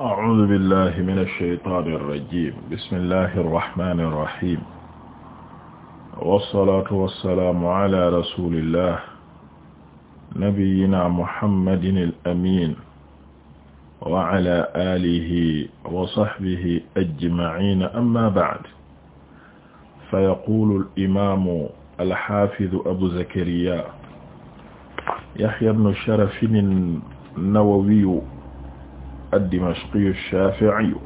أعوذ بالله من الشيطان الرجيم بسم الله الرحمن الرحيم والصلاة والسلام على رسول الله نبينا محمد الأمين وعلى آله وصحبه أجمعين أما بعد فيقول الإمام الحافظ أبو زكريا يحيى بن شرف النووي ad-Dimashqi ash-Shafi'i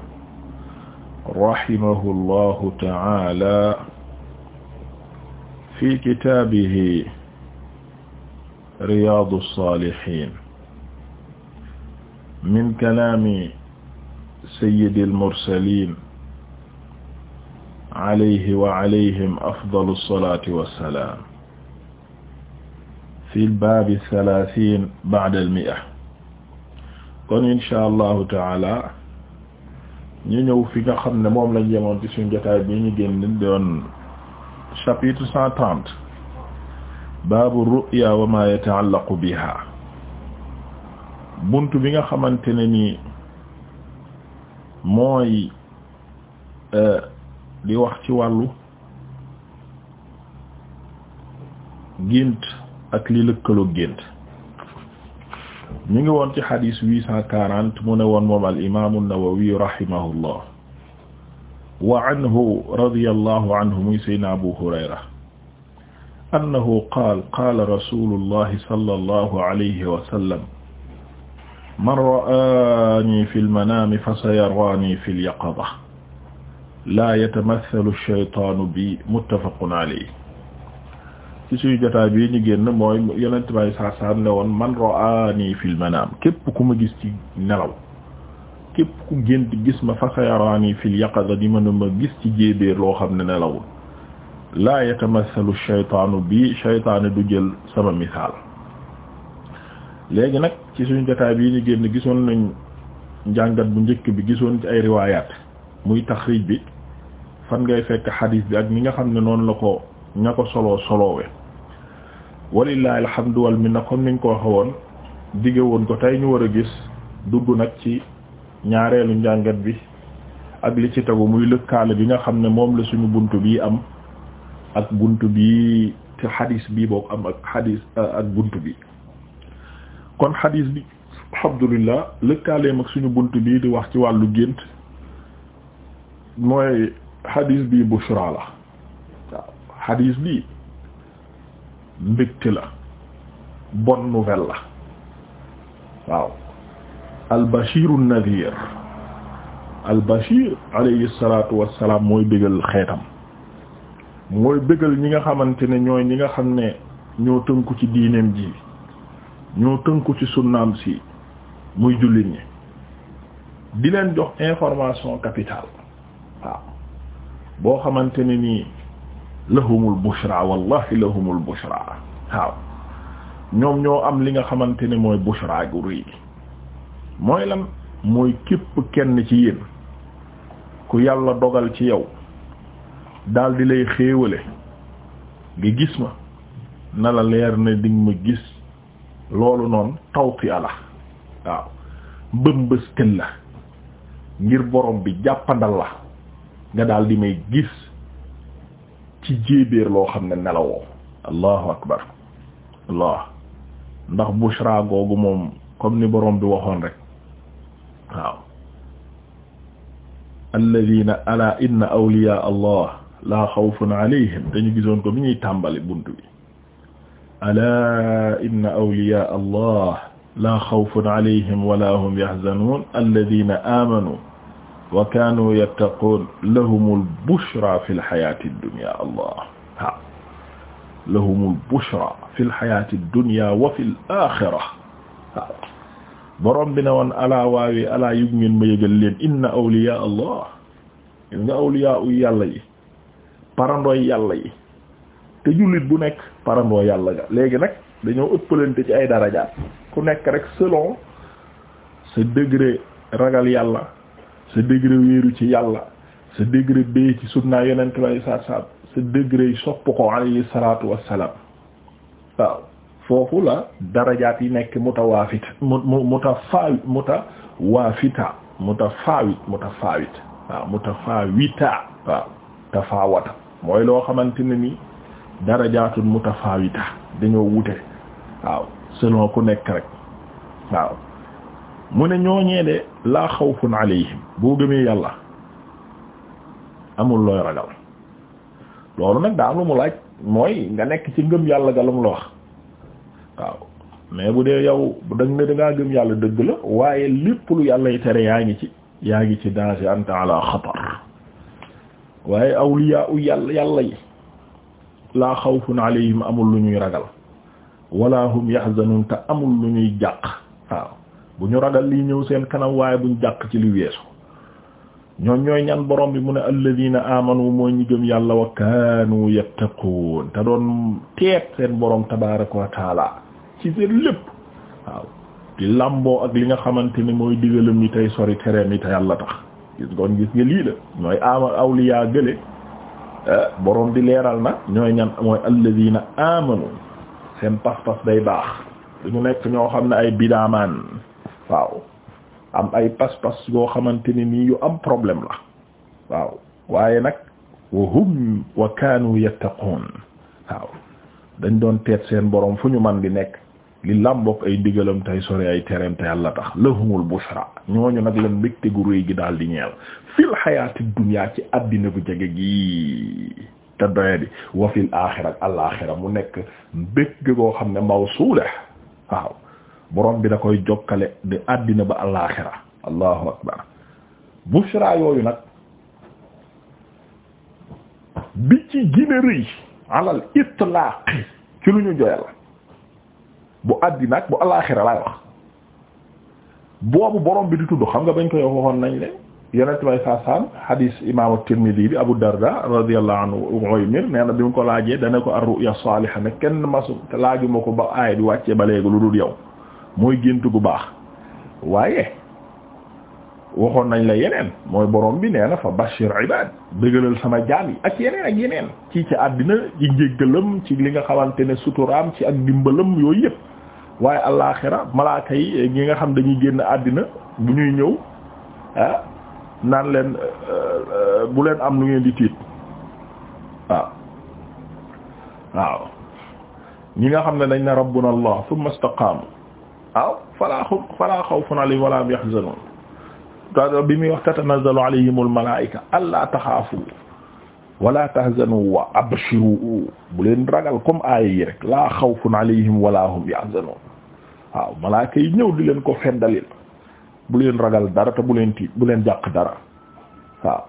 rahimahu llahu ta'ala fi kitaabihi Riyaadu s-Saalihiin min kalaami sayyidi l-mursaliin alayhi wa alayhim afdalu s-salaati wa s-salaam fi l-baabi th-thalaathiin ba'da l-mi'a kon insha allahu taala ñu ñëw fi nga xam ne moom lañ yemoon ci suñu jotaay génn doon chapitre cent trente baabu ru'ya wa ma yata'allaqu biha bunt bi nga xamante ne ni mooy euh, di wax ci wàllu gént ak li lëkkaloo gént ñu ngi woon ci xadis huit cent quarante mu ne woon moom al imaamu an-Nawawi rahimahullah wa anhu radiyallahu anhu muy sayyidina Abu Hurayra annahu qaal qaala rasulullahi sallallahu alayhi wa sallam man ra'aani fil manaami fasayaraani fil yaqaza laa yatamathalu ash-shaytaanu bi muttafaqun alayhi ci suy jotaay bi ñu génn mooy yonent bay saa saa ne woon man ra'ani fil manaam képp ku ma gis ci nelaw képp ku gént gis ma fa sayarani fil yaqaza di mën a ma gis ci jéebéer loo xam ne nelawul laa yatamassalu shaytaanu bi shaytaanu du jël sama misaal léegi nag ci suñ jotaay bi ñu génn gisoon nañ njàngat bu njëkk bi gisoon ci ay riwaayaat muy taxriij bi fan ngay fekk xadiis bi ak ni nga xam ne noonu la ko ña ko solo soloowe walillahi alhamdu wal minna comme niñ ko waxe woon dige woon ko tey ñu war a gis dugg nag ci ñaareelu njàngat bi ak li ci tegu muy lëkkaale bi nga xam ne moom la suñu bunt bii am ak bunt bi te xadis bii boo am ak xadis euh, ak bunt bi kon xadis bi alhamdulillah lëkkaaleem ak suñu bunt bii di wax ci wàllu gént mooy xadis bii bushra la waaw xadis bii mbégte la bonne nouvelle la waaw al bashiru nadir al bashir alayhi salatu wassalam mooy bégal xeetam mooy bégal ñi nga xamante ne ñooy ñi nga xam ne ñoo tënku ci diineem ji ñoo tënku ci sunnaam si muy jullit ñi di leen jox information capitale waaw boo xamante ne nii lahumul bushra wallahi lahumul bushra waaw ñoom ñoo am li nga xamante ni mooy bushra gu rëy mooy lan mooy képp kenn ci yéen ku yàlla dogal ci yow daldi lay xéewale nga gis ma na la leer na li ma gis loolu noon tawti ala waaw mbëmbës tën ngir borom bi jàppandal la nga daal may gis ci jéebéer loo xam ne nelawoo allahu akbar allah ndax bushra googu moom comme ni borom bi waxoon rek waaw alladina ala inna awliya allah laa xawfun alayhim dañu gisoon ko bi ñuy tàmbali bunt bi ala inna awliya allah laa xawfun alayhim wala hum yahzanun alladina amanu wa kaanu yattaquun lahumul bushra fil xayaati allah waaw lahumul bushra fil xayaati dunya wa alaa waawi alaa yëg ma yëgal leen inna awliyaa allah gis nga awliyaa u parandooy yàlla te jullit bu nekk parandoo yàlla ga léegi nag dañoo ëppalante ci ay darajaat ku nekk rek selon ce degré ragal yàlla. sa degré wéeru ci yàlla sa degré bee ci sunna yonent way sa sa sa degré sopp ko alayhi salaatu wassalaam waaw foofu la darajaat yi nekk mutawaafit mu mu mutafaawit mutawaafita mutafaawit mutafaawit waaw mutafaawita waaw tafaawata mooy loo xamante ne ni darajaatul mutafaawita dañoo wute waaw selon ku nekk rek waaw mu ne ñooñee de laa xawfun alayhim boo gëmee yàlla amul looy ragal loolu nag daa am lu mu laaj mooy nga nekk ci gëm yàlla ga lu la wax waaw mais bu dee yow dang ne da gëm yàlla dëgg la waaye lépp lu yàlla yi tere yaa ngi ci yaa ngi ci danger anta ala xatar waaye awliya yàlla yàlla yi laa xawfun alayhim amul lu ñuy ragal wala hum yahzanun amul lu ñuy jàq waaw bu ñu ragal lii ñëw seen kanam waaye buñ jàq ci li weesu ñoon ñooy ñan borom bi mu ne alladina amanu mooy ñi gëm yàlla wa kaanu yattaqun te doon teet seen borom tabaraka wa ci seen lépp waaw di làmboo ak li nga xamante ni mooy digalam yi tey sori tereem yi te yàlla tax gis gon gis nga lii la ñooy ama awliya gële eh, borom di leeral na ñooy ñan mooy alladina amanu seen pas-pas day baax dañu nekk ñoo xam ne ay bidaamaan waaw am ay pas-pas yoo xamante ni nii yu am problème la waaw waaye nag wa hum wa kaanu yattaqun waaw dañ doon teet seen borom fu ñu man di nekk li làmbook ay digalam tey sore ay tereem te yàlla tax lahumul bushra ñooñu nag lan mbégte gu réy gi daal di ñeel fil xayaati dunya ci àddina bu jege gi te doye di wa fil aaxira ak mu nekk mbég goo xam ne mawsuule waaw borom bi da koy jokkale di àddina ba alaaxira allahu akbar bushra yooyu nag bi ci gina rëy alal itlaaq ci lu ñu joyal bu àddina ak bu alaaxira laay wax boobu borom bi di tudd xam nga bañ koy waxoon nañ leen yonent bay saasaan hadis imaamu Tirmidi bi Abu Darda radiyallahu anhu Uwaymir umm nee bi mu ko laajee dana ko ar-ru'ya saaliha ne kenn masu te laajuma ko ba aaya bi wàccee ba léegi lu dul yow mooy gént bu baax waaye waxoon nañ la yeneen mooy boroom bi nee na fa bashir ibad bëggalal sama jaam yi ak yeneen ak yeneen ci ci àddina ci njéggalam ci li nga xamante ne suturaam ci ak dimbalam yooyu yëpp waaye alaaxira malaaka yi ñi nga xam dañuy génn àddina bu ñuy ñëw ah naan leen euh, bu leen am lu ngeen di tiit waaw ah. waaw ñi nga xam ne dañ ne rabbuna allah thumma istaqaamu waaw falaa xaw falaa xawfun alayhim wala hum yahzanun ta bi muy wax tatanazzalu alayhimul malaa'ika allaa taxaafu wala tahzanu wa abshiru bu leen ragal comme aaya yi rek laa xawfun alayhim wala hum yahzanun waaw malaaka yi ñëw di leen ko fendalil bu leen ragal dara te bu leen tiit bu leen jàq dara waaw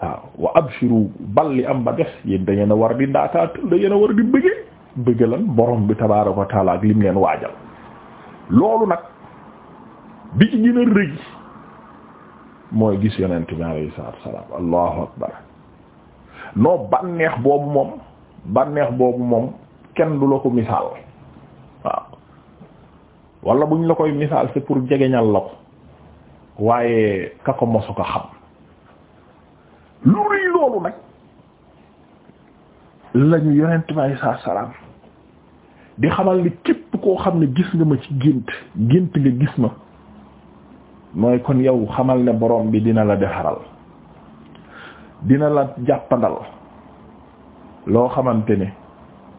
waaw wa abshiru balli am ba des yéen da ngeen a war di ndaataatul da ngeen a war di bëggee bëggalan borom bi tabaaraka wa taala ak lim leen waajal loolu nag bi ci gën a rëy mooy gis yonent bi alayhi salaatu wassalaam allahu akbar non bànneex boobu moom bànneex boobu moom kenn du la ko misaal waaw wala buñ la koy misaal c'est pour jegeñal la ko waaye ka ko mosu ko xam lu rëy loolu nag lañu yonent bi alayhi salaatu wassalaam di xamal ni képp koo xam ne gis nga ma ci gént gént nga gis ma mooy kon yow xamal ne borom bi dina la defaral dina la jàppandal loo xamante ne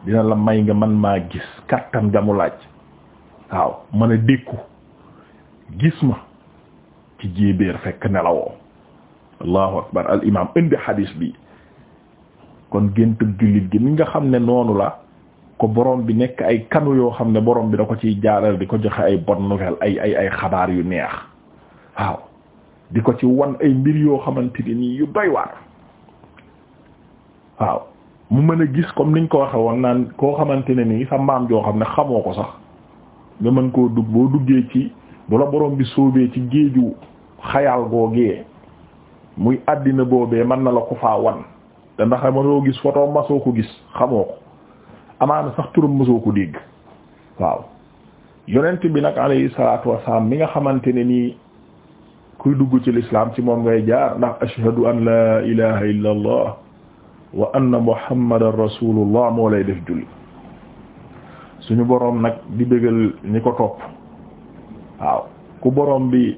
dina la may nga man maa gis kàttan ga mu laaj waaw mën a dékku gis ma ci jéebéer fekk nelawoo allahu akbar al indi xadiis bi kon géntu jullit gi ni nga xam ne noonu la ko borom bi nekk ay kanu yoo xam ne borom bi da ko ciy jaaral di ko joxe ay bonne nouvelle ay ay ay xabaar yu neex waaw di ko ci wan ay mbir yoo xamante ne nii yu doy waar waaw mu mën a gis comme liñ ko waxe woon naan koo xamante ne nii sa maam joo xam ne xamoo ko sax nga mën koo dugg boo duggee ci bu la borom bi sóobee ci géeju xayaal googee muy àddina boobee mën na la ko faa wan te ndax mënoo gis photo masoo ko gis xamoo ko amaana sax turam mosoo ko dégg waaw yonent bi nag alayhi salaatu wassalaam mi nga xamante ne nii kuy dugg ci l'islam ci moom ngay jaar ndax ashhadu an la ilaha illa allah wa anna muhammadan rasulullah moo lay def julli suñu boroom nag di bégal ñi ko topp waaw ku boroom bi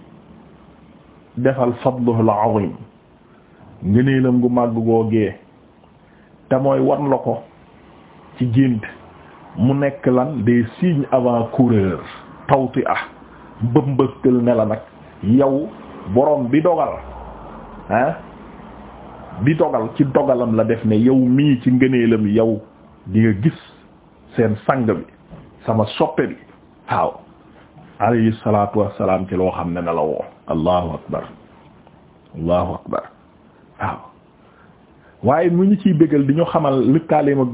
defal fadluhul azim ngëneelam gu màgg googee te mooy wan la ko ci gént mu nekk lan des signes avant-coureurs tawti ah mbëmbëstal ne la nag yow boroom bi dogal ah bi dogal ci dogalam la def ne yow mii ci ngëneelam yow di gis seen sang bi sama soppe bi waaw alayhi salaatu wassalaam ci loo xam ne ne la woo allahu akbar allahu akbar waaw waaye mu ñu ciy bégal di ñu xamal lëkkaaleem ak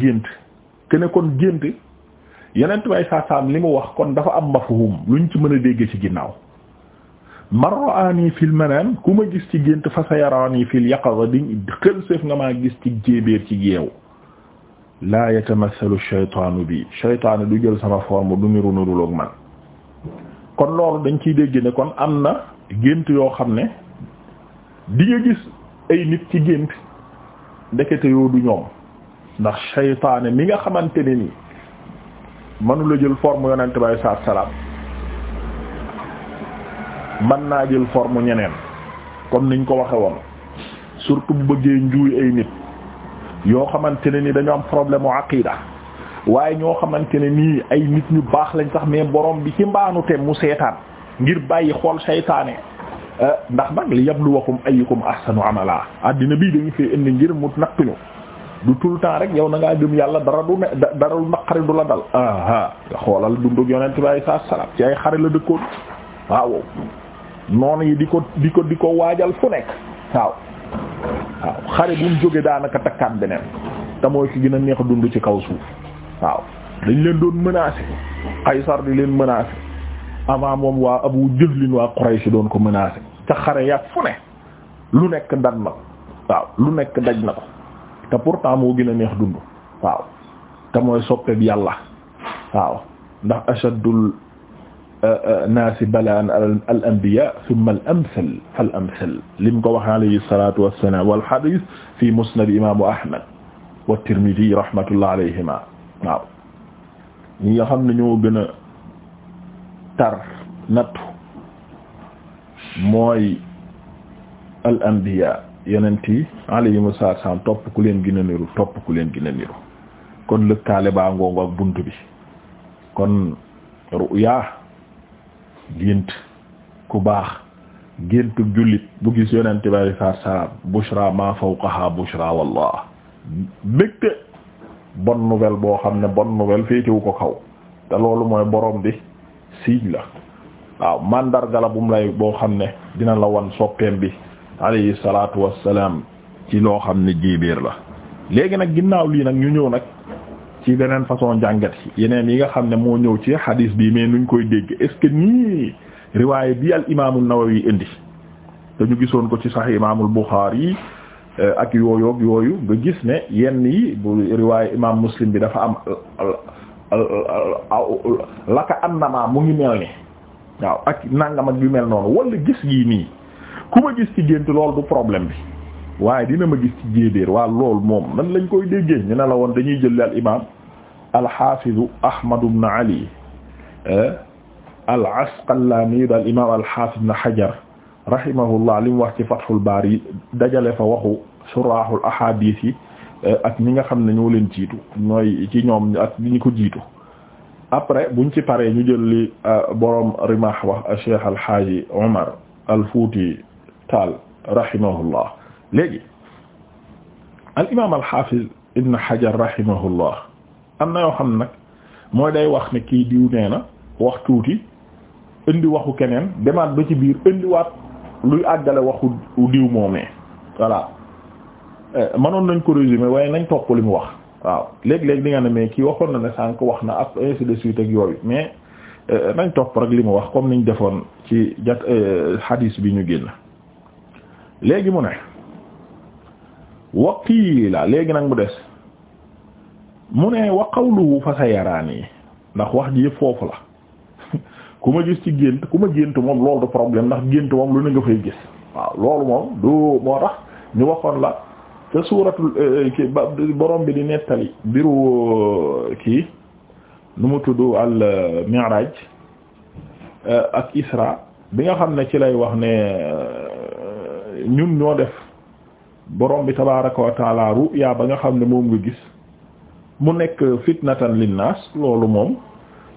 gént kene kon gént yenent way saasaam li mu wax kon dafa am mafhum luñ ci mën a dégg ci ginnaaw man ra'ani fil manam ku ma gis ci gént fa sayarani fil yaqaza di xël séef nga maa gis ci jéebéer ci yeewu la yatamathalu shaytaanu bi shaytaanu du jël sama forme du niru niruloog man kon loolu dañ ciy dégg ne kon am na gént yoo xam ne di nga gis ay nit ci gént ndekete yoo du ñoom ndax seytaane mi nga xamante ne nii manula jël forme yonent bay saa salaam man naa jël forme ñeneen comme niñ ko waxe woon surtout bu bëggee njuuy ay nit yoo xamante ne ni dañu am problème u aqida waaye ñoo xamante ne nii ay nit ñu baax lañ sax mais borom bi ci mbaanu te mu seetaan ngir bàyyi xool seytaane ndax nag li yabluwakum ayyukum ahsanu amala àddina bii dañu fee indi ngir mu nattuñu du tout le temps rek yow na ngaa gëm yàlla dara du ne dara lu naqari du la dal aha nga xoolal dundug yonent bi saa salaam ci ay xare la dëkkoon waaw noonu yi di ko di ko di ko waajal fu nekk waaw waaw xare bu mu jógee daanaka takkaan beneen te mooy ki gën a neex dund ci kaw suuf waaw dañ leen doon menacer Qaysar di leen menacer avant moom waa Abu Jahlin waa Quraysh doon ko menacé ca xare yàgg fu ne lu nekk daj na ko waaw lu nekk daj na ko te pourtant moo gën a neex dund waaw te mooy soppeeb yàlla waaw ndax achaddul euh, euh, naasi balaan al anbiya thumma al amsal fal amsal lim ko wax alayhi salatu wassalam wal hadith fi musnad imaamu ahmad wa tirmidhi rahmatullah alayhima waaw ñi nga xam ne ñoo gën a tar nattu mooy al anbiya yonent yi alayhimu salaam topp ku leen gën a niru topp ku leen gën niru kon lëkkaale baa ngoongu ak bunt bi kon ruyaa gént ku baax géntu jullit bu gis yonent bi alayhi salaam bushra ma fawqaha bushra wallah mbégte bonne nouvelle boo xam ne bonne nouvelle féetewu ko kaw te loolu mooy boroom bi signe la waaw mandarga la bu lay boo xam ne dina la wan soppeem bi alayhi salaatu wassalaam ci loo xam ne jiibiir la léegi nag ginnaaw lii nag ñu ñëw nag ci beneen façon jàngat yeneen yi nga xam ne moo ñëw ci xadiis bi mais nuñ koy dégg est-ce que nii riwaaye bi al imaamu Nawawi indi te ñu gisoon ko ci Sahih imaamul Bukhari ak yooyoog yooyu nga gis ne yenn yi bu riwaaye imaam Muslim bi dafa am laka annama mu ngi mel ni waaw ak nangam ak bi mel noonu wala gis gii nii ku ma gis ci gént loolu du problème bi waaye dina ma gis ci jéedéer waa loolu moom nan lañ koy déggee ñu ne la woon dañuy jël al imaam alxaafidu Ahmad ibn Ali eh, al Asqalaani daal imaam alxaafid ibn Hajar rahimahullah li mu wax ci Fathul Baari dajale fa waxu surahul ahadis yi. Euh, ak ñi nga xam ne ñoo leen jiitu ñooy ci ñoom ak ñi ko jiitu après buñ ci paree ñu jël li euh, borom rimah wax euh, Cheikh Al Hadji léegi al imaam al xaafiz Ibn am na yoo xam nag mooy day wax ne kii diw nee na wax tuuti indi waxu keneen demaat ba ci biir indiwaat luy àggale waxu diw moomee voilà. Eh, mënoon nañ ko résumer waaye nañ topp li mu wax waaw léeg-léeg di nga ne mais kii waxoon na ne sànq wax na ak ainsi de suite ak yooyu mais eh, nañ topp rek li mu wax comme niñ defoon ci jat eh, hadis bi ñu génn léegi mu ne wax waqiila léegi nag mu des mu ne wa qawluhu fa sayaraani ndax wax ji yëpp foofu la ku ma gis ci gént ku ma gént moom loolu du problème ndax gént moom lu ne nga fay gis waaw loolu moom du moo tax ñu waxoon la te suuratul eh, borom bi di nettali biru eh, kii nu mu tudd al eh, mi'raj ak isra bi nga xam ne ci lay wax ne ñun ñoo def borom bi tabaaraka wa taala ba nga xam ne moom nga gis mu nekk fitnatan linnaas loolu moom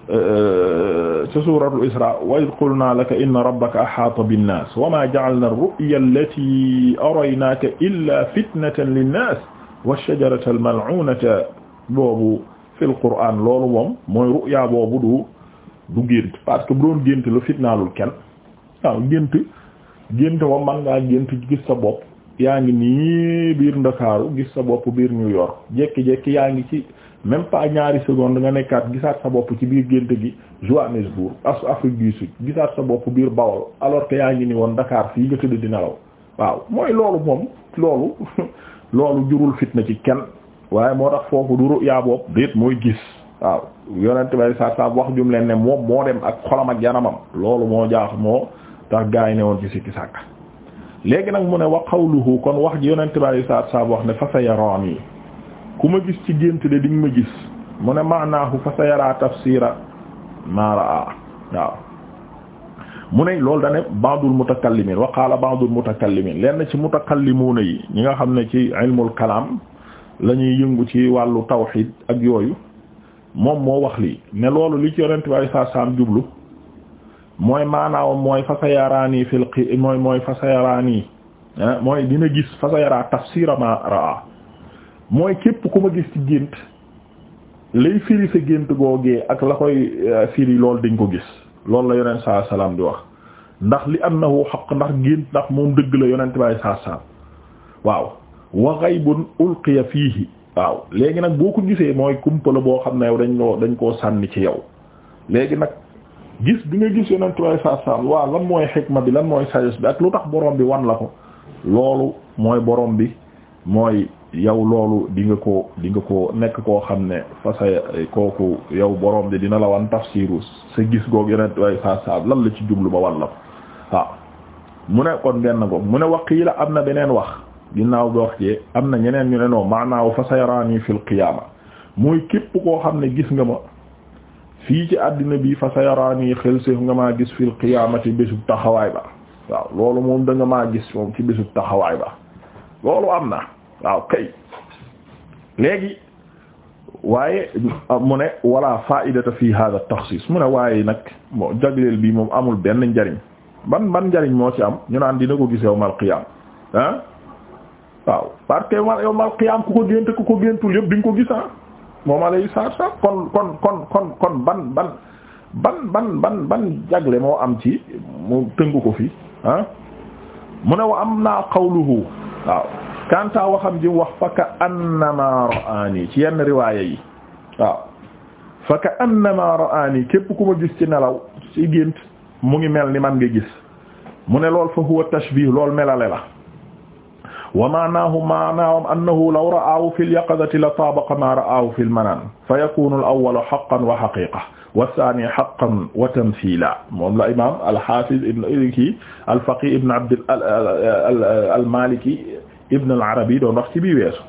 ci suuratul Isra wa iz qulnaa laka inna rabbaka ahaata binnaas wa maa ja'alnaa ar-ru'ya allatii araynaaka illaa fitnatan linnaas wash-shajarata al-mal'uunata boobu fil Qur'aan loolu moom mooy ru'ya boobu du du gént parce que bu doon gént la fitnaalul kenn waaw gént gént moom man ngaa gént gis sa bopp yaa ngi nii biir Ndakaaru gis sa bopp biir New York jékki-jékki yaa ngi ci. même pas ñaari seconde nga nekkaat gisaat sa bopp ci biir gént gi Johannesburg as Afrique du Sud gisaat sa bopp biir Bawol alors que yaa ngi ni woon Dakar fii nga tëdd di nelaw waaw mooy loolu moom loolu loolu jurul fitna ci kenn waaye moo tax foofu du ruyaa bopp déet mooy gis waaw yonent bay saa saa wax jum leen ne moom moo dem ak xolam ak yaramam loolu moo jaax moo tax gaa yi ne woon ci sikki sàkk léegi nag mu ne wa qawluhu kon wax ji yonent bay saa saa wax ne fa sayarani ku ma gis ci gént de diñ ma gis mu ne maanaahu fa sa yaraa tafsira maa raa waaw mu ne loolu dane ba'dul mutakallimin wa qaala ba'dul lenn ci mutakallimuuna yi ñi nga xam ne ci ilmul kalaam la yëngu ci wàllu tawxid ak yooyu moom moo wax lii ne loolu li ci yonent bi saa saam jublu mooy maanaawam mooy fa sa yaraanii mooy mooy fa sa eh, mooy dina gis fa sa yaraa tafsira maa raa mooy képp ku ma gis ci gént lay firi sa gént googee ak la koy euh, firi loolu dañ ko gis loolu la yonent saasalaam salaam di wax ndax li annahu xaq ndax gént ndax moom dëgg la yonent baay saa salaam waaw wa ghaybun fii fiihi waaw léegi nag boo ko gisee mooy kumpala boo xam ne yow dañ loo dañ koo sànni ci yow léegi nag gis bi nga gis yonent baay saa salaam waaw lan mooy xikma bi lan mooy sagesse bi ak lu tax boroom bi wan la ko loolu mooy boroom bi mooy yow loolu di nga ko di nga ko nekk koo xam ne fa sa kooku yow boroom bi dina la wan tafsiru sa gis goog yeneen way sa saab lan la ci jublu ba wan la waaw mu ne kon benn goog mu ne waqiila am na beneen wax ginnaaw bi wax jee am na ñeneen ñu ne noo maanaaw fa sa yaraani fil qiyaama muy képp koo xam ne gis nga ma fii ci àddina bi fa sa yaraani xel nga maa gis fil qiyaamati bésub taxawaay ba waaw loolu moom danga maa gis moom ci bésub taxawaay ba am na waaw kay léegi waaye mu ne wala faidata fi hadha taxsiis mu ne waaye nag moo jagleel bi moom amul benn njariñ ban ban njariñ moo ci am ñu naan dina ko gis yawmal qiyaam ah waaw parce que yawmal qiyaam ku ko gént ku ko géntul yëpp di nga ko gis ah moom alay saar sax kon kon kon kon ban ban ban ban ban jagle moo am ci mu tëngu ko fii ah mu ne wa am naa qawluhu waaw kanta waxam ji wax fa ka annama ra'ani ci yenn riwaaya yi waaw fa ka annama ra'ani képp ku ma gis ci nelaw ci gént mu ngi mel ni man nga gis mu ne lool fa huwa tashbih lool melale la wa maanaahu maanaawam annahu law ra'aahu fil yaqadati la taabaqa maa ra'aahu fil manaan fa yakunu al awwalu haqqan wa haqiqa wa saani haqqan wa tamthila moom la imaam al haafiz ibn kii al faqih ibn abd al maliki Ibn al-Arabi doon wax ci bi weesu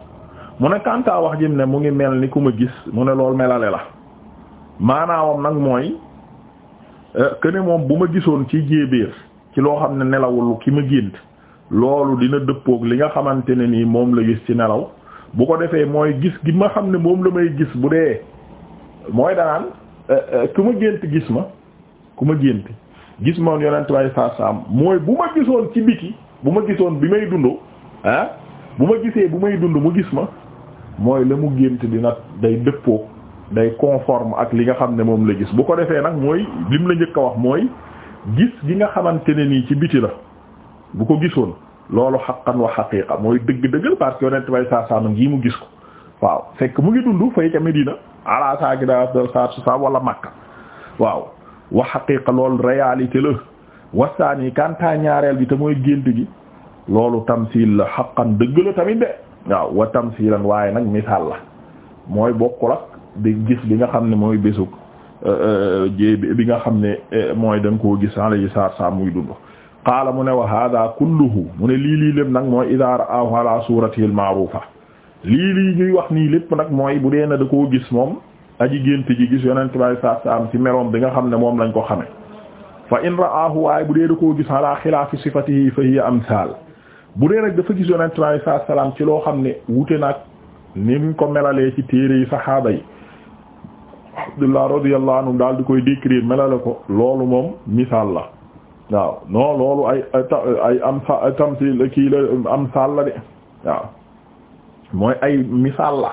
mu ne Kantaa wax jim ne mu ngi mel ni ku ma gis mu ne loolu melale la maanaawam nag mooy këne euh, moom bu ma gisoon ci jéebéer ci loo xam ne nelawul ki ma gént loolu dina dëppoog li nga xamante ne nii moom la gis ci nelaw bu ko defee mooy gis gi ma xam ne moom la may gis bu dee mooy danaan euh, euh, ku ma gént gis ma ku ma gént gis ma woon yonent way saa saam mooy bu ma gisoon ci biti bu ma gisoon bi may dundoo ah bu ma gisee bu may dund mu gis ma mooy la mu gént dina day dëppoo day conforme ak li nga xam ne moom la gis bu ko defee nag mooy lim la njëkk a wax mooy gis gi nga xamante ne nii ci biti la bu ko gisoon loolu xaqan wa xaqiqa mooy dëgg-dëggal parce que yonent bay saa saanam mu gis waaw fekk mu ngi dund fay ca Medina ala gi daa saa su saa wala Makka waaw wa xaqiqa loolu réalité la wasaani kanta ñaareel bi te mooy gént gi loolu tamsiil la xaqan dëgg la tamit de waaw wa tamsiilan waaye nag misaal la mooy bokk ak di gis euh, euh, bi nga xam ne mooy bésug jé bi nga xam ne mooy dañ koo gis alayhi salaatu muy dund qaala mu ne wa hada kulluhu mu ne lii lii lépp nag mooy idaa ra'aahu ala suratihi al-ma'ruufa lii lii ñuy wax nii lépp nag mooy bu dee na da ko gis moom aji gént ji gis yonent bi alayhi salaatu ci meloom bi nga xam ne moom lañ ko xame fa in ra'aahu waaye bu dee da koo gis ala xilaafi sifatihi fa bu dee nag dafa gis yonent bi alayhi salaatu salaam ci loo xam ne wute nag ni mu ko melalee ci téere yi saxaaba yi Abdullah radiyallahu anhu daal di koy décrire melale ko loolu moom misaal la waaw non loolu ay ay am sa tamsil kii la am saal la de waaw mooy ay misaal la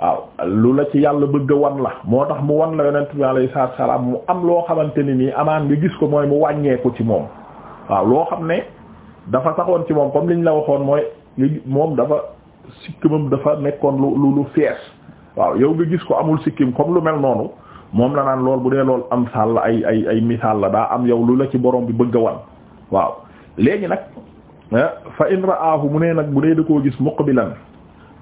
waaw lu la ci yàlla bëgg a wan la moo tax mu wan la yonent bi alayhi salaatu wa salaam mu am loo xamante ni nii amaan nga gis ko mooy mu wàññeeku ci moom waaw loo xam ne. dafa taxoon ci moom comme liñ la waxoon mooy moom dafa sikkimam dafa nekkoon lu lu lu fees waaw yow nga gis ko amul sikkim comme lu mel noonu moom la naan lool bu dee lool am sàll ay ay misaal la daa am yow lu la ci borom bi bëgg a wan waaw léegi nag eh, fa in raahu mu ne nag bu dee da koo gis muqbilan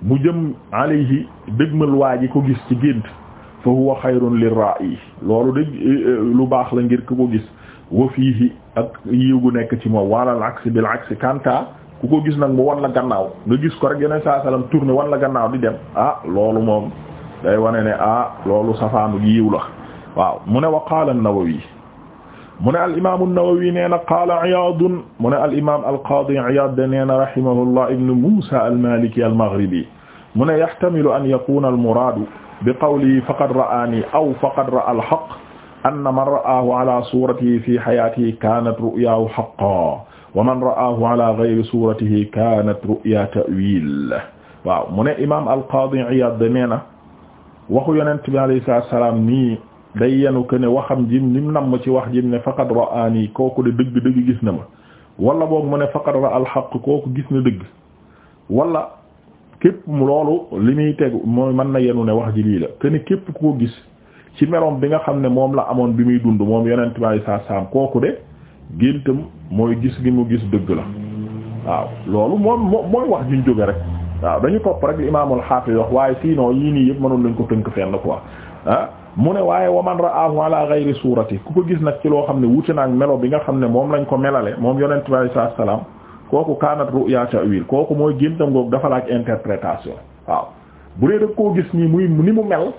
mu jëm alayhi dëgmal waa ji ko gis ci gént fa huwa xayrun yi loolu dëgg eh, eh, lu baax la ngir ku ko gis wa fiihi ak yiw gu nekk ci moom waalal aksi bil aksi kanta ku ko gis nag mu wan la gannaaw nga gis ko rek yeneen saa salaam tourné wan la gannaaw di dem ah loolu moom day wane ne ah loolu safaanu yiw la waaw mu ne wa qaala an-Nawawi mu ne al imaam an-Nawawi nee na qaala Iyaad mu ne al imaam al qaadi Iyaad de nee na rahimahullah ibn Muusaa al-Maaliki al-Maghribi mu ne yahtamilu an yakuuna al-muraadu bi qawlihi faqad ra'aanii aw faqad ra'a al-haqq anna man ra'aahu ala suratihi fi hayatihi kanat ru'yaahu haqqan wa man ra'aahu ala ghayri suratihi kanat ru'ya ta'wil waaw mu ne imam al-Qaadi Iyaad de nee na waxu yonent bi alayhi salaatu wa salaam nii day yenu que ne waxam jim lim namm ci wax jim ne faqad ra'aani kooku de dëgg dëgg gis na ma wala boog mu ne faqad ra'a al-haqq kooku gis na dëgg wala képp mu loolu li muy tegu mooy mën na yenu ne wax ji lii la que ne képp ku ko gis ci meloom bi nga xam ne moom la amoon bi muy dund moom yonent bi saa saam kooku de géntam mooy gis gi mu gis dëgg la loolu moom mooy wax juñ jóge rek waaw dañu topp rek li imaamul xaafis wax waaye sinon yii nii yëpp mënoon nañ ko tënk fenn quoi ah mu ne waaye waman ra'ahu ala ghayri surati ku ko gis nag ci loo xam ne wuute naag melo bi nga xam ne moom lañ ko melale moom yonent bi saa salaam kooku kaanat ru'ya ta'wil kooku mooy géntam googu dafa laaj interprétation waaw bu dee da koo gis nii muy ni mu mel.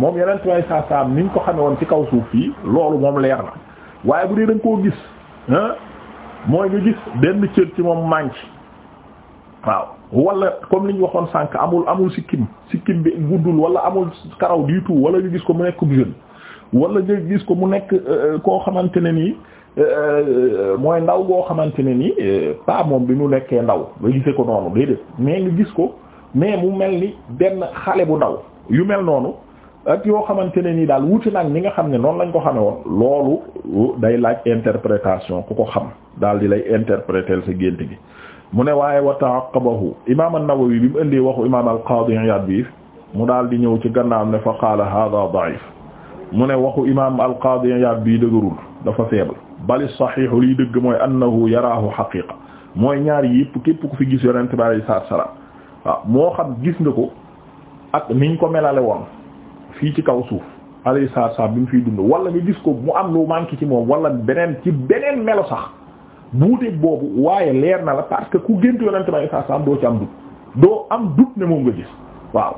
moom yeneen way saa saam ñu ko xame woon ci kaw suuf fii loolu moom leer na waaye bu dee da koo gis ah mooy nga gis benn cër ci moom manque waaw wala comme li ñu waxoon sànq amul amul sikkim sikkim bi guddul wala amul karaw du tout wala ñu gis ko mu nekk jeune wala nga gis ko mu nekk euh, koo xamante ne nii euh, mooy ndaw goo xamante ne nii euh, pas moom bi mu nekkee ndaw nga gisee ko noonu déedéet mais nga gis ko mais mu mel ni benn xale bu ndaw yu mel noonu ak yoo xamante ne nii daal wuti nag ni nga xam ne noonu lañ ko xame woon loolu day laaj interprétation ku ko xam daal di lay interpréter sa gént gi mu ne waaye wa ta'aqqabahu imam an-Nawawi bi mu indee waxu imam al-Qadi Iyad bii mu daal di ñëw ci gannaaw ne fa qaala hadha da'if mu ne waxu imaam al-Qadi Iyad bi dëgërul dafa faible bali sahih liy dëgg mooy annahu yaraahu haqiqa mooy ñaar yëpp képp ku fi gis yonent bi alayhi salaam moo xam gis nga ko ak niñ ko melale woon fii ci kaw suuf alayhi salaam bi mu fiy dund wala ñu gis ko mu am lu manqué ci moom wala beneen ci beneen melo sax buuteeg boobu waaye leer na la parce que ku gént yonent bi alayhi salaam doo ci am dut doo am dut ne moom nga gis waaw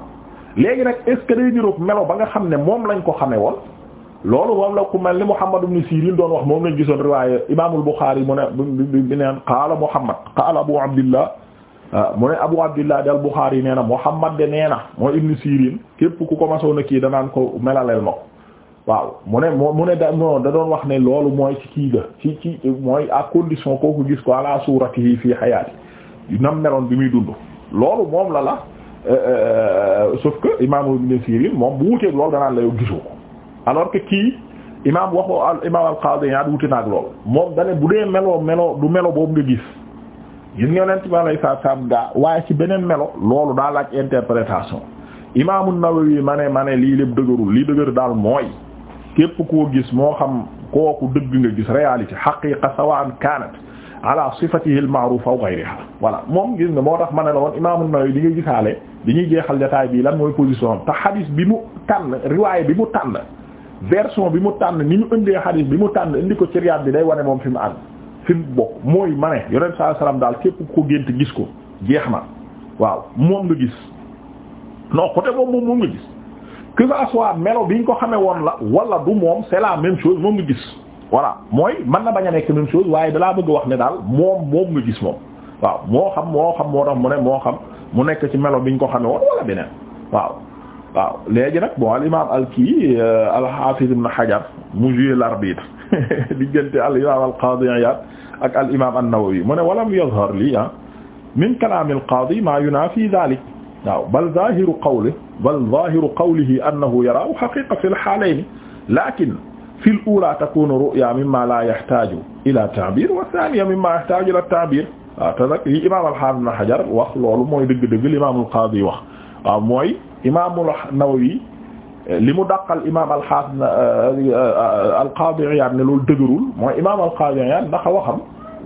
léegi nag est ce que day melo ba nga xam ne moom lañ ko xamee woon loolu moom la ku mel ni Muhammad ibn Sirin doon wax moom lañ gisoon riwaaya Imaamul Buxaari mu ne bi neen qaala Muhammad qaala Abu Abdillah Ah, mu ne Abu Abdillah al Bukhari nee na Muhammad de nee na mooy Ibn Sirin képp ku ko masoon a kii danaan ko melaleel ma ko waaw mu ne moo mu ne da da doon wax ne loolu mooy ci kii ga ci ci mooy à condition kooku gis ko ala suratihi fii xayaati nam meloon bi muy dund loolu moom la la euh, euh, sauf que imaamu Ibn Sirin moom bu wuteeg loolu danaan la yow gisoo ko alors que kii imaam waxoo al imaam al Qadi Iyaad wuute moom da ne bu dee meloo meloo du melo boobu nga gis nga yonent a alayhi salaatu salaam gaa waaye ci beneen melo loolu daal laaj interpretation Imaam An-Nawawi ma ne ma ne lii lépp dëgërul lii dëgër daal mooy képp koo gis moo xam kooku dëgg nga gis réalité haqiqa sawaan kaanat ala sifatihi al-ma'rufa aw ghayriha voilà moom gis nga moo tax ma ne la woon Imaam An-Nawawi di nga gisaale dañuy jeexal jotaay bii lan mooy position te xadis bi mu tànn riwaay bi mu tànn version bi mu tànn ni ñu indee xadis bi mu tànn indi ko ci bi day wane moom fi mu àgg. fi mu bokk mooy ma ne yonent saa salaam daal képp ko gént gis ko jeex na waaw moom nga gis non côté boobu moom moom nga gis que ça soit melo bi ñu ko xamee woon la wala du moom c'est la même chose moom nga gis voilà mooy mën na bañ a nekk même chose waaye dalaa bëgg wax ne daal moom moom nga gis moom waaw moo xam moo xam moo tax mu ne moo xam mu nekk ci melo bi ñu ko xamee woon wala beneen waaw waaw léegi nag bon al imam al kii euh, al hafiz ibn Hajar mu diggante al imam al qadi Iyad ak al imam an-Nawawi mu ne walam yazhar li ah min kalam al qadi ma yunafi dhalik waaw bal zahiru qawlihi bal zahiru qawlihi annahu yaraahu haqiqa fi al halayni lakin fi al ula takunu ru'ya mimma la yahtaju ila ta'bir wa thaniya mimma yahtaju ila ta'bir waaw te nag li imam al-Hafiz Ibn Hajar wax loolu mooy dëgg-dëgg li imam al qadi wax waaw mooy imam an-Nawawi li mu dàqal imaam alxaafid euh, euh, euh, alqaadi Iyaad ne loolu dëgërul mooy imaam alqaadi Iyaad ndax waxam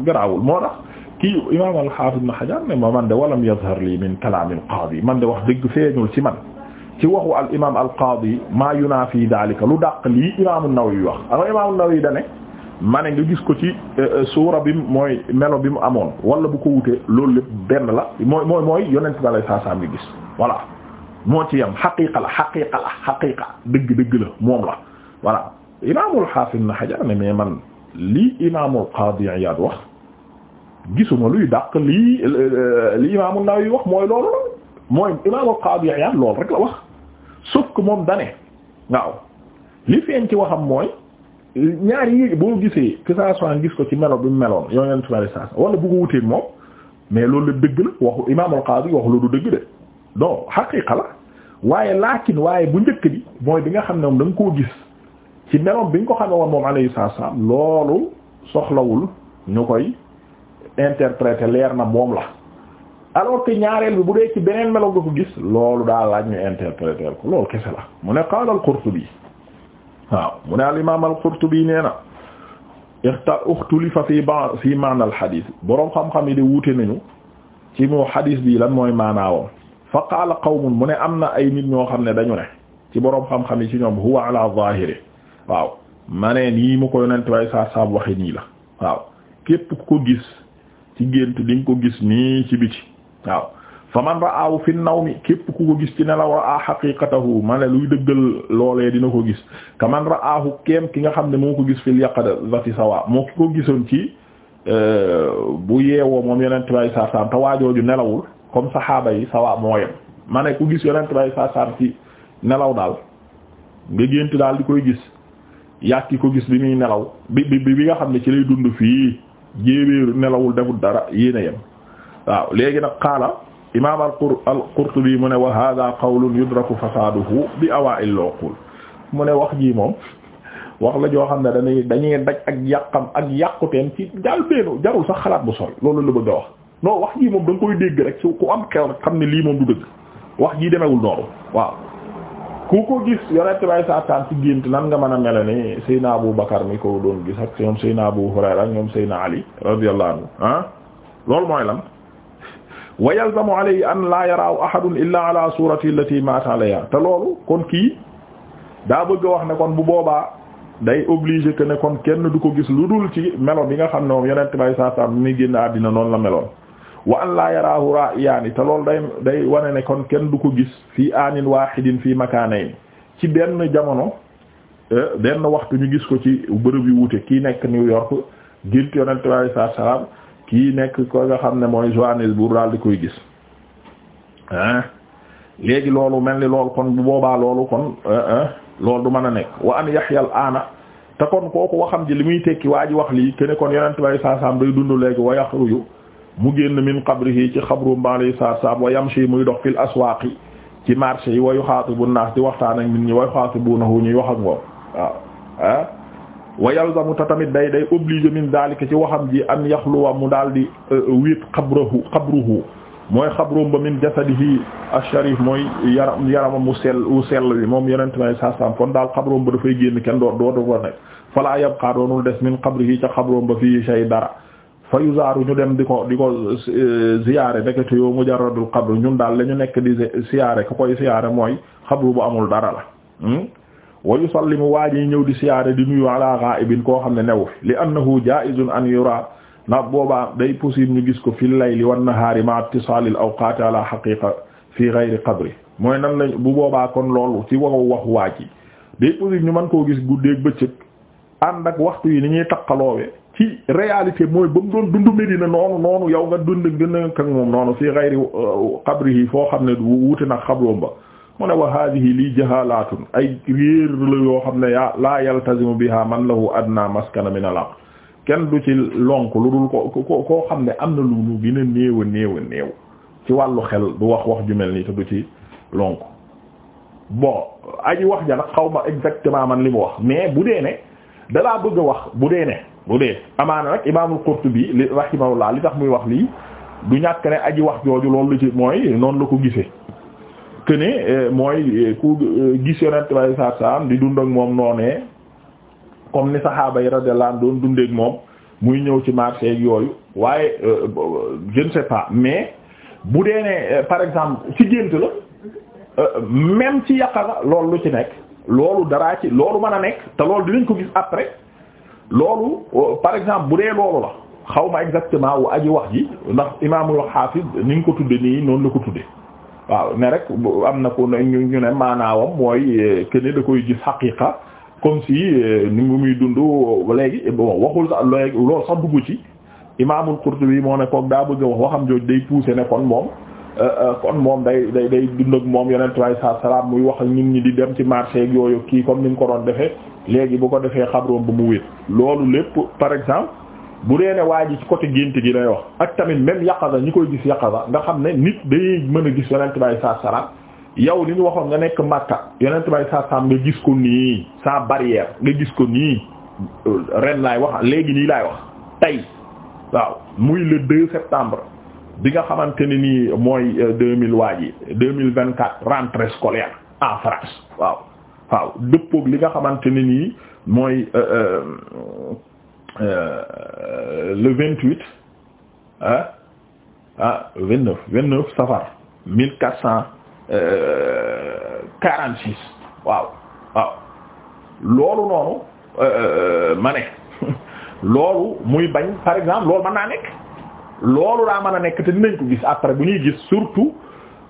garaawul moo tax kii imaam alxaafid na Hajar ne ma man de walam yazhar lii min man de wax dëgg feeñul ci man ci waxu al imaam alqaadi maa yunaafi daalika lu dàq lii imaam an-Nawawi wax alors imaam an-Nawawi da ne ma ne gis ko ci suura bi mooy melo bi mu amoon wala bu ko wutee loolu lépp benn la mooy mooy mooy yonent bi sallallahu alayhi wasallam gis voilà. moo ci yam xaqiqa la xaqiqa la dëgg dëgg la moom la voilà imaamul xaafis na xajar ne mais man qaadi Iyaad wax gisuma luy daq lii euh, li imaamul Nawawi wax mooy loolu la mooy imaamul qaadi Iyaad loolu rek la wax sauf moom dane waaw li feeñ ci waxam mooy ñaar yi boo gisee gis ko ci melo bi melo meloon yoo neen tumari wala bu ko wuteeg moom mais loolu dëgg la waxu qaadi waxu lu du dëgg de donc xaqiqa la waaye laakin waaye bu njëkk bi mooy bi nga xam ne moom da koo gis ci meloom bi nga ko xame woon moom alayhi salaam loolu soxlawul ñu koy interpréter leer na moom la alors que ñaareel bi bu dee ci beneen melo nga ko gis loolu daal laaj ñu interpréter ko loolu kese la mu ne qaala al-Qurtubi waaw mu ne al-imaam al-Qurtubi nee na ixta uxtulifa fi ba fi maana al-xadiis boroom xam-xam yi di wuute nañu ci moo xadiis bi lan mooy maanaawam fa qaala qawmun mu ne am na ay nit ñoo xam ne dañu ne ci boroom xam-xam yi ci ñoom huwa ala zahiri waaw ma ne nii mu ko yonent way saa saab waxe nii la waaw képp ku ko gis ci gént ko gis nii ci biti waaw fa man ra'aahu fi nawmi ku ko gis ci nelaw ra'a haqiqatahu ma ne luy dëggal loolee dina ko gis ka man ra'aahu keem ki nga xam ne moo ko gis fil yaqada zati sawa moo ki ko gisoon ci euh, bu yeewoo moom yonent way saa saam te waajooju nelawul comme saxaaba yi sawa moo yem ma ne ku gis yonent bay saasaam ci nelaw daal nga gént daal di koy gis yàq ki ko gis bi muy nelaw bi bi bi nga xam ne ci lay dund fii jéebéeru nelawul deful dara yéen a yem waaw léegi nag qaala imam al-Qurtubi mu ne wa hadha qawlun yudraku fasaduhu bi awaa'il al-uqul mu ne wax jii moom wax la joo xam ne dañuy dañuy daj ak yàqam ak yàquteem ci daal beenu jarul sax xalaat bu sol loolu la bëgg a wax non wax jii moom da koy dégg rek ci ku am xew xam ne lii moom du dëgg wax jii demewul noonu waaw ku ko gis yonent bay saataan ci gént nan nga mën a mele ni Seyna Abu Bakar mi ko doon gis ak ñoom Seyna Abu Hurayra ak ñoom Seyna Ali radiyallahu anhu ah loolu mooy lan wa yalzamu alayhi an la yaraahu ahadun illa ala surati allati te loolu kon kii daa bëgg a wax ne kon bu boobaa day obligé que ne kon kenn du ko gis lu dul ci melo bi nga xam ne moom yonent bay saataan noonu la meloon wa an laa yaraahu raa'iyaani te loolu day day wane ne kon kenn du ko gis fii aanin waahidin fii makaanayn ci benn jamono eh, benn waxtu ñu gis ko ci bërëb yu wuute kii nekk New York gilt yonent bi alayhi salaatu kii nekk ko nga xam ne mooy Johannesburg daal di koy gis léegi loolu mel ni lool kon bu boobaa loolu kon eh, eh, loolu du mën a nekk wa an yaxyal aana te kon kooku waxam ji li muy tekki waa ji wax lii kene kon yonent bi alayhi day dund léegi wa yaxruju mu génn min xabri qabrihi ci xabru mbaale saa saam wa yamshi muy dox fil aswaaqi ci marché yi wa yuxaatibu naas di waxtaan ak nit ñi wa yuxaatibunahu ñuy wax ak moom waaw ah. wa yalzamu te tamit day day obligé min daalika ci waxam ji an yaxluwa mu daal di euh, wéet xabru xabruhu mooy xabrum ba min jasadihi asharif mooy yaram yaramam mu sell wu sell bi moom yonent may saa saam kon daal xabrum ba dafay génn kenn doo doo doo ko nekk falaa yabqaa doonul des min qabrihi ca xabrum ba fii shay dara. fa yuzaaru ñu dem di ko di ko eh, ziyaare ndekete yoo mujarradul qabru ñun daal la ñu nekk di siyaare ku koy siyaare mooy xabru bu amul dara la hmm? wa yusallimu waa ji ñëw di siyaare di nuyu ala ghaibin koo xam ne newu fi li annahu jaizun an yura ndax boobaa day possible ñu gis ko fil layli wan nahaari ma ittisalil awqaati ala haqiqa fi ghayri qabri mooy nan lañ bu boobaa kon loolu ci waxu wax waa ji day possible ñu man koo gis guddeeg bëccëg ànd ak waxtu yi ni ñuy taqaloowe ci réalité mooy ba mu doon dund Medina noonu noonu yow nga dund gën a moom noonu fii xayri xabrihi euh, foo xam ne wuute nag xabroom ba mu ne wa haadihi lii jahalaatun ay réer la yoo xam ne yaa laa yaltazimu biha man lahu adna maskana min al kenn du ci lonk lu dul ko ko xam ne am na lu lu gën a néew a néew ci wàllu xel du wax wax ju mel nii te du ci lonk bon aji wax ja nag xaw ma exactement man li mu wax mais bu dee ne dalaa bëgg a wax bu dee ne bu dee amaana rek imaamul Qurtubi li rahimahullah li tax muy wax lii du ñàkk ne aji wax jooju loolu lu ci mooy noonu la ko gisee que ne euh, mooy euh, ku euh, gis yonent way sar saam di dund ak moom noonee comme ni saxaaba yi radiyallahu anhum doon dundeek moom muy ñëw ci marché yooyu waaye je ne pas mais bu dee ne par exemple ci gént la même ci yàqara loolu lu ci nekk loolu daraa ci loolu man a nekk te loolu dinañ ko gis après loolu par exemple bu dee loolu la xaw ma exactement wu aji wax ji ndax imaamul xaafis ni nga ko tudde nii noonu la ko tudde waaw ne rek am na ko ñu ne maanaawam mooy eh, que ne da koy gis xaqiqa comme si eh, nu mu muy dund léegi eh, bon waxul sax léegi loolu sax dugg ci imaamul Qurtubi moo ne koog daa bëgg a wax waxam jooj day pousser ne kon moom Euh, euh, kon moom day day day dund ak moom yonent way saa salaam muy wax ak nit ñi di dem ci marché yooyu kii comme ni mu ko doon defee léegi bu ko defee xabroom bu mu wéet loolu lépp par exemple bu dee ne waa ji ci côté gént gi lay wax ak tamit même yaqaza ñi koy gis yaqaza nga xam ne nit day mën a gis yonent way saa yow li ñu waxoon nga nekk Makka yonent way saa nga gis ko nii saa barrière nga gis ko nii euh, ren laay wax léegi nii laay wax tey waaw muy le septembre Euh, li nga xamante ne nii mooy deux mille waa ji deux mille vingt quatre rentrée scolaire en euh, France waaw waaw dëppoog li nga xamante ne nii mooy le vingt huit ah ah vingt neuf vingt neuf safar mille quatre cent euh, quarante six waaw waaw loolu noonu ma ne loolu muy bañ par exemple loolu mën naa nekk. loolu daa mën a nekk te dinañ ko gis après bu ñuy gis surtout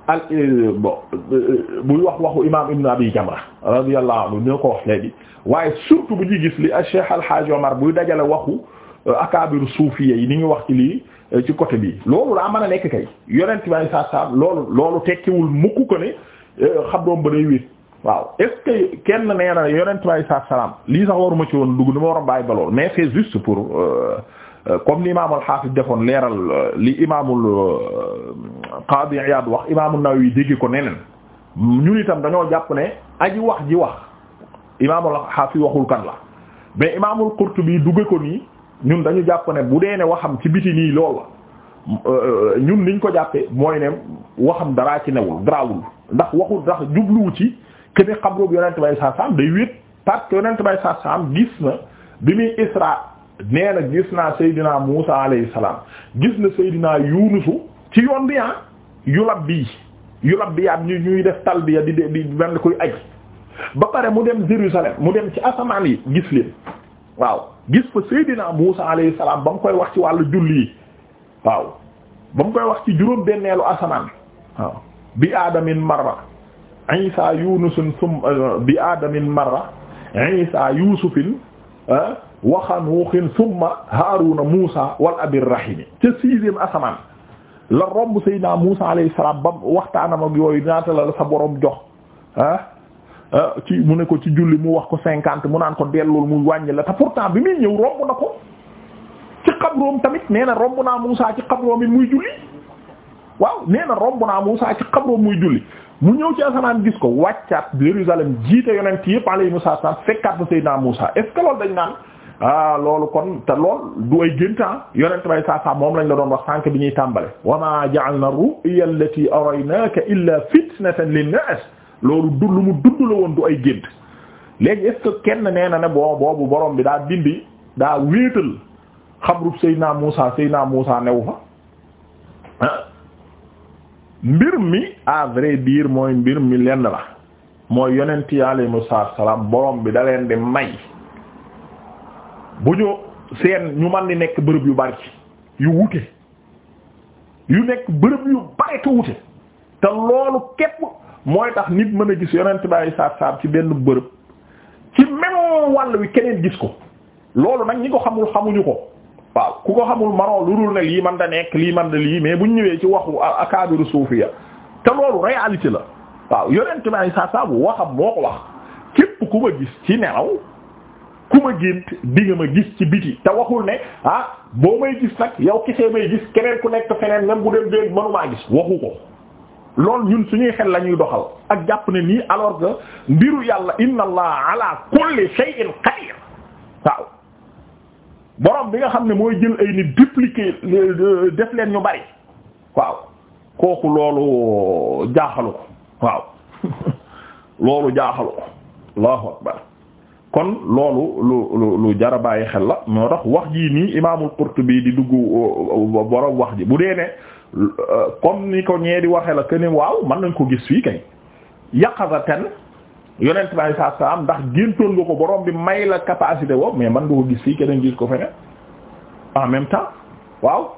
al euh, bon euh, buy wax waxu imam ibn abi jamra radiyallahu anhu ñoo ko wax léegi waaye surtout bu ñuy gis li a cheikh alhaaj omar buy dajale waxu euh, akabir suufiya yi ni ñu wax ci lii ci côté bii loolu daa man a nekk kay yonent bi alei satu salam loolu loolu tekkiwul mukk ko ne xam doom ba day wéet waaw est-ce kenn nee na yonent bi alei satu salam lii sax waruma ci woon dugg ni ma war a bàyyi ba loolu mais c'est juste comme ni imaamul xaafis defoon leeral euh, li imaamul euh, Qaadi Iyaad wax imaamul Nawawi dégg ko neneen ñun itam dañoo jàpp ne aji wax ji wax imaamul xaafis waxul kan la mais imaamul Qurtubi dugge ko nii ñun dañu jàpp ne bu dee ne waxam ci biti nii lool la euh, ñun niñ ko jàppee mooy ne waxam daraa ci newul garaawul ndax waxul ndax jubluwu ci kene xabru yonent bay saa saam day wéet parce que yonent bay saa gis na bi muy Isra nee na gis naa Seydina Muusa alayhi salaam gis na Seydina Yuunusu ci yoon bi ah yulab bi yulab bi yaat ñu ñuy def talbiya di di benn koy aj ba pare mu dem Jérusalem mu dem ci asamaan yi gis leen waaw gis fa Seydina Muusa alayhi salaam ba mu koy wax ci wàllu julli yi waaw ba mu koy wax ci juróom benneelu asamaan waaw bi aadamin marra isa yunusun sum bi aadamin marra isa yusufin ah waxan wuxin summa haaruna Muusa wal abir rahimi ca sixième asamaan la romb Seydina Muusa alayhi salaam ba waxtaanam yooyu naata la sa boroom jox ah, ah ci mu ne ko ci julli mu wax ko cinquante mu naan ko dellul mu wàññi la te pourtant bi muy ñëw romb na ko ci xabroom tamit nee na romb naa Muusa ci xabroom it muy julli waaw nee na romb naa Muusa ci xabroom muy julli mu ñëw ci asamaan gis ko wàccaat Jérusalem jiite yonent yëpp alayhi salaam fekkaat ba Seydina Muusa est ce que loolu dañ naan Ah, loolu kon te lool du ay géntaan ah. yonent bay saa saa moom lañ la doon wax sànk bi ñuy tàmbale wa ma ja'alna ru'ya allati araynaka illa fitnatan linnas loolu du lu mu dudd la woon du ay gént léegi est kenn nee ne boobu borom bi daa dindi daa wéetal xabrub Seydina Muusa Seydina Muusa newu fa ah. mbir mi à vrai mooy mbir mi lenn la mooy yonent yi alayhimu salaam borom bi da leen di may bu ñu seen ñu man di nekk bërëb yu bari yu wute yu nekk bërëb yu bari te wute te loolu képp mooy tax nit mën a gis yonent bàyyi saab saab ci benn bërëb ci même wàll wi keneen gis ko loolu nag ñi ko xamul xamuñu ko waaw ku ko xamul manoo lu dul ne lii man da nekk lii man da lii mais bu ñu ñëwee ci waxu akaabiru suufiya te loolu réalité la waaw yonent bàyyi saab saab waxam moo ko wax képp ku ma gis ci nelaw ku ma gént di nga ma gis ci biti te waxul ne ah boo may gis nag yow kisee may gis keneen ku nekk feneen même bu dem dégg mënumaa gis waxu ko loolu ñun suñuy xel la ñuy doxal ak jàpp ne nii alors que mbiru yàlla inna allah ala kulli shay'in qadir waaw borom bi nga xam ne mooy jël ay nit dupliquer def leen ñu bari waaw kooku loolu jaaxalu ko waaw loolu jaaxalu ko allahu akbar kon loolu lu lu lu jara bàyyi xel la moo tax wax jii nii imaamul bii di dugg uh, uh, borom wax ji bu dee ne uh, comme ni ko ñee di waxee la que waaw mën nañ ko gis fii kay yaqazatan yonent bi saa saa am ndax géntoon nga ko borom bi may la capacité boobu mais mën nga ko gis fii keneen gis ko feneen en même temps waaw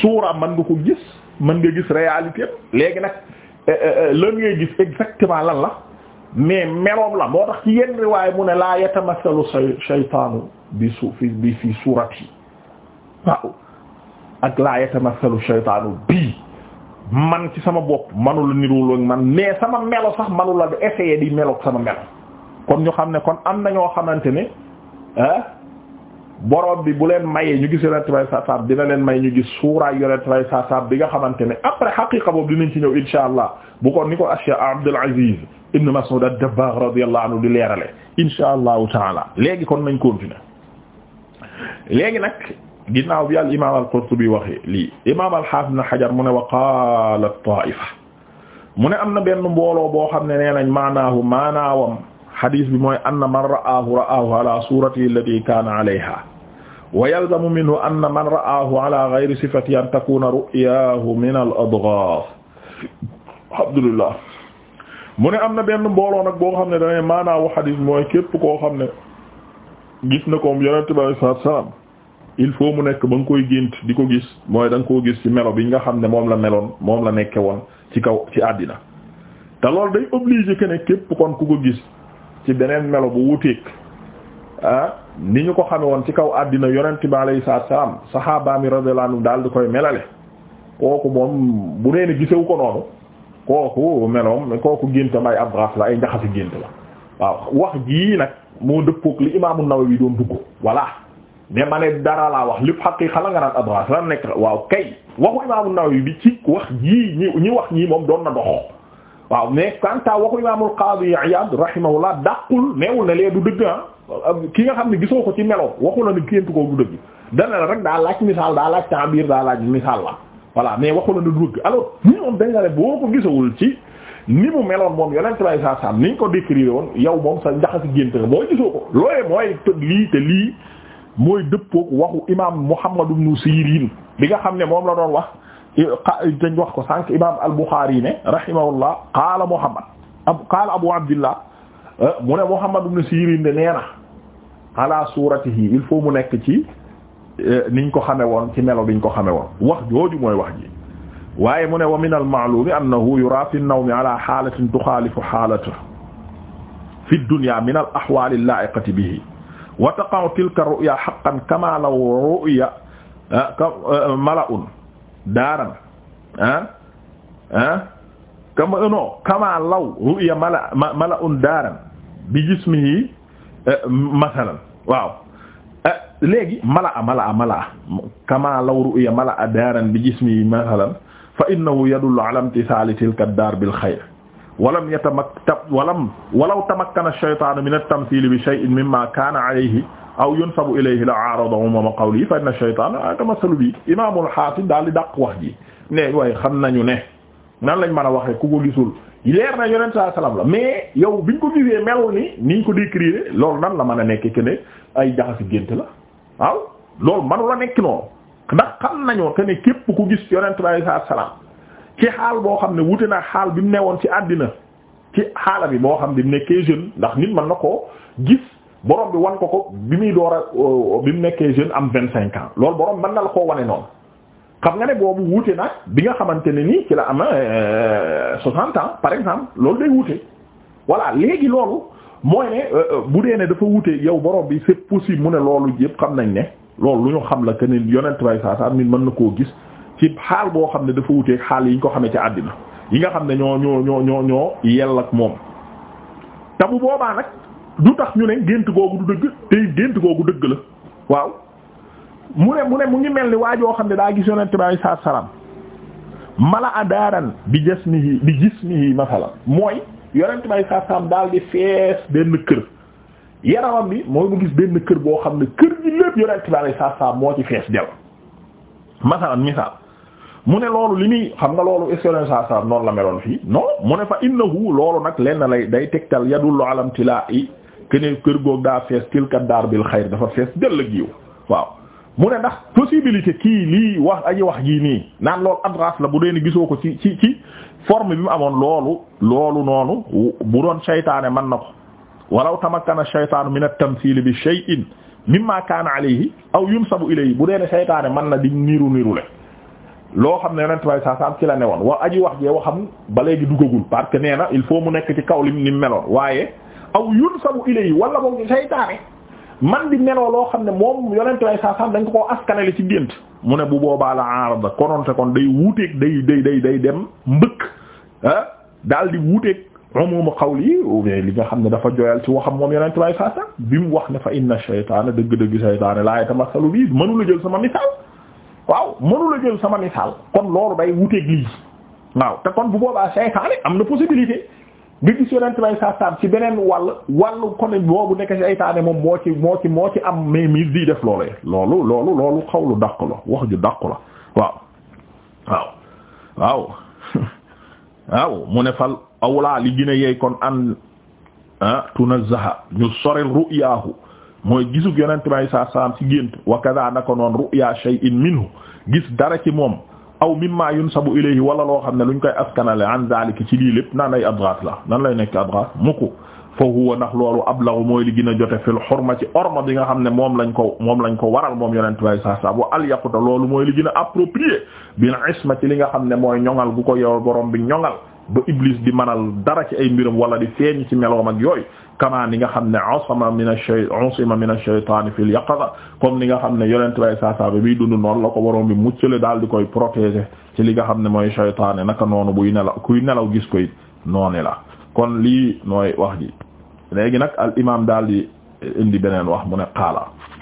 suura mën nga ko gis mën nga gis réalité léegi nag eh, eh, eh, lan ngay gis exactement lan la. mais meloom la moo tax ci yenn riwaay mu ne laa yatamassalu shaytaanu bi su fi bi fi surati waaw ak laa yatamassalu shaytaanu bii man ci sama bopp manula nirul ak man mais sama melo sax manula du essayer di melo sama melo kon ñu xam ne kon am na ñoo xamante ne ah borom bi bu leen mayee ñu gis yonent bay saab dina leen may ñu gis suuraay yonent bay saab bi nga xamante ne après xaqiqa boobu dinañ ci ñëw insha allah bu ko ni ko Cheikh Abdul Aziz ibn Mas'ud ad-Dabbagh radiyallahu anhu leerale insha allahu léegi kon nañ continuer léegi nag ginnaaw bi al imaam al-Qurtubi waxee lii imaam al-Hafiz ibn Hajar mu ne wa qaala at-taa'ifa mu ne am na benn mbooloo boo xam ne nee nañ maanaahu maanaawam xadiis bi mooy anna man ra'aahu ra'aahu ala suratihi allati kaana alayha wa yalzamu minhu anna man ra'aahu ala ghayri sifati an takuna am na benn mbooloo nag boo xam ne dane képp koo xam ne gis na ko yonente bi alayhi salaatu salaam mu nekk ba koy gént di ko gis mooy da koo gis ci melo bi nga xam ne moom la meloon moom la nekke woon ci kaw ci àddina loolu day obligé que ne képp kon ku ko gis ci beneen melo bu wuteek Ah, ni ñu ko xame woon ci kaw àddina yonent bi alayhi salaatu salaam saxaabaami radiyallahu daal di koy melale kooku moom bu nee ko noonu kooku meloom kooku géntam ay abraaf la ay njaxasi gént nag moo dëppook li imaamu Nawawi doon ne ma ne dara wax lépp xaqiiqa la nga nekk waaw kay waxu imaamu ñii moom doon na dox waaw mais quant à waxu lee du dëgg ah. ki nga xam ne gisoo ko ci melo waxu la gént kéntu ko du dëgg dana la rek daa laaj misaal daa laaj ta'bir daa laaj misaal la voilà mais waxu la ne du dëgg alors ñi moom dañ boo ko gisawul ci ni mu meloon moom yonent bay saa sam ni ñu ko décrire woon yow moom sa njaxasi gént nga boo gisoo ko loolee mooy lii te lii mooy dëppook waxu imam Muhammad ibn Sirin bi nga xam ne moom la doon wax dañ wax ko sànq imam al-Bukhari ne rahimahullah qaala Muhammad qaala Abu Abdillah Euh, mu ne Muhammad ibn Sirin de nee na ala suratihi il faut mu nekk ci euh, niñ ko xame woon ci melo biñ ko xame woon wax jooju mooy wax ji waaye mu ne wa min almaalumi annahu yura fi nawmi ala xaalatin tuxaalifu xaalata fi dunya min al axwaali allaa'iqati bihi wa taqa'u tilka ru'ya haqqan kama law ru'ya euh, mala'un daaran ah ah kama euh, non kama law ru'ya mala mala un daaran bi jismihi euh, masalan waaw euh, léegi mala a mala a mala a kama law ru'ya mala a daaran bi jismihi masalan fa innahu yadullu ala imtisaali tilka daar bil xayr walam yatamaktab walam walaw tamakkana ash-shaytaanu min at-tamthiili bi shay'in mimmaa kaana alayhi aw yunsabu ilayhi la aarada umuuma qawlihi fa inna ash-shaytaana yatamathalu ah, bihi imaamul xaafid daal di dàq wax ji ne waaye xam nañu ne nan lañ mën a waxee ku ko gisul leer na yonent saa salaam la mais yow biñ ko gisee melul ni niñ ko décrire loolu nan la mën a nekk que ne ay jaxasi gént la waaw loolu manu la nekk noonu ndax xam nañoo que ne képp ku gis yonent bi alayhi salaam ci xaal boo xam ne wute na xaal bi mu newoon ci àddina ci xaala bi boo xam ne mu nekkee jeune ndax nit mën na ko gis borom bi wan ko ko bi muy door a euh, bi mu nekkee jeune am vingt cinq ans loolu borom mën na la koo wane noonu. xam nga ne boobu wuute nag bi nga xamante ne nii ci la ama euh, 60 ans par exemple loolu day wute voilà léegi loolu mooy ne euh, euh, bu dee ne dafa wuute yow borom bi c'est possible mu ne loolu yëpp xam nañ ne loolu lu ñu xam la que ni yonent bay saa saa nit mën na koo gis ci xaal boo xam ne dafa wuuteeg xaal yi ñu ko xamee ci àddina yi nga xam ne ñoo ñoo ñoo ñoo ñoo yell ak moom te bu boobaa nag du tax ñu ne gént googu du dëgg te gént googu dëgg la waaw mu ne mu ne mu ngi mel ni waa joo xam ne daa gis yonent bi alayhi salaatu mala adaaran bi jismihi bi jismihi masalan mooy yonent bi alayhi daal di fees benn kër yaramam bi mooy mu gis benn kër boo xam ne kër gi lépp yonent bi alayhi moo ci fees del masalan misaal mu ne loolu li muy xam nga loolu est-ce que yonent saa noonu la meloon fii no mu ne fa innahu loolu nag lenn lay day tegtal yadullu ala imtilaa'i kene kër goog daa fees tilka daar bil xayr dafa fees dell mu ne ndax possibilité kii lii wax aji wax jii nii naan lool adras la bu dee ni gisoo ko ci ci ci forme bi mu amoon loolu loolu noonu bu doon saytaane man na ko walaw tamakkana saytaanu min at-tamthil bi shay'in mimma kaana alayhi aw yunsabu ilayhi bu dee ne saytaane mën na di niru niru le loo xam ne yonent bay saa saam ci la newoon wa aji wax jee waxam ba léegi duggagul parce que nee na il faut mu nekk ci kaw lim ni meloon waaye aw yunsabu ilayhi wala boog saytaane man di meloo loo xam ne moom yonentuwaay saa sam dañ ko koo askanale ci gént mu ne bu boobaa la arada kononte kon day wuuteeg day day day day dem mbëkk ah, daal di wuuteeg umumu qawli mais li nga xam ne dafa joyal ci waxam moom yonentuwaay saa sam bi mu wax ne fa inna shaytaana dëgg-dëgg shaytaana laa yatamassalu bi mënula jël sama misaal waaw mënula jël sama misaal kon loolu day wuuteeg lii waaw te kon bu boobaa shaytaane am na possibilité nga gis yonent bay saa saam ci beneen wàll wàllu kon boobu nekk ci aytaane moom moo ci moo ci moo ci am mais mise di def loolee loolu loolu loolu xawlu dàq la wax ju dàq la waaw mu ne fal awlaa li gën a kon an tunazzaha ñu soril ru'yaahu mooy gisug yonent bay saa saam ci gént wa kadha naka noon ru'ya minhu gis dara ci moom aw mimma yunsabu ilayhi wala loo xam ne luñ koy askanale an zalika ci lii lépp naan ay adghat la nan lay nekk adghat mukku fa huwa ndax loolu ablagu mooy li gën a jote fil xorma ci orma bi nga xam ne moom lañ ko moom lañ ko waral moom yonent way saa saa wa al yaquta loolu mooy li gën a approprié bil isma ci li nga xam ne mooy ñoŋal bu ko yow borom bi ñoŋal ba iblis di manal dara ci ay mbiram wala di feeñ ci meloom ak yooyu kamaa ni nga xam ne asama min ash-shay usima min ash-shaytaan fil nga xam ne yonent bay saasaabe biy dund noonu la ko waroon bi muccale daal di koy protéger ci li nga xam ne mooy shaytaane naka noonu buy nelaw kuy nelaw gis koy nooni la kon lii nooy wax ji léegi nag al imaam daal di indi beneen wax mu ne qaala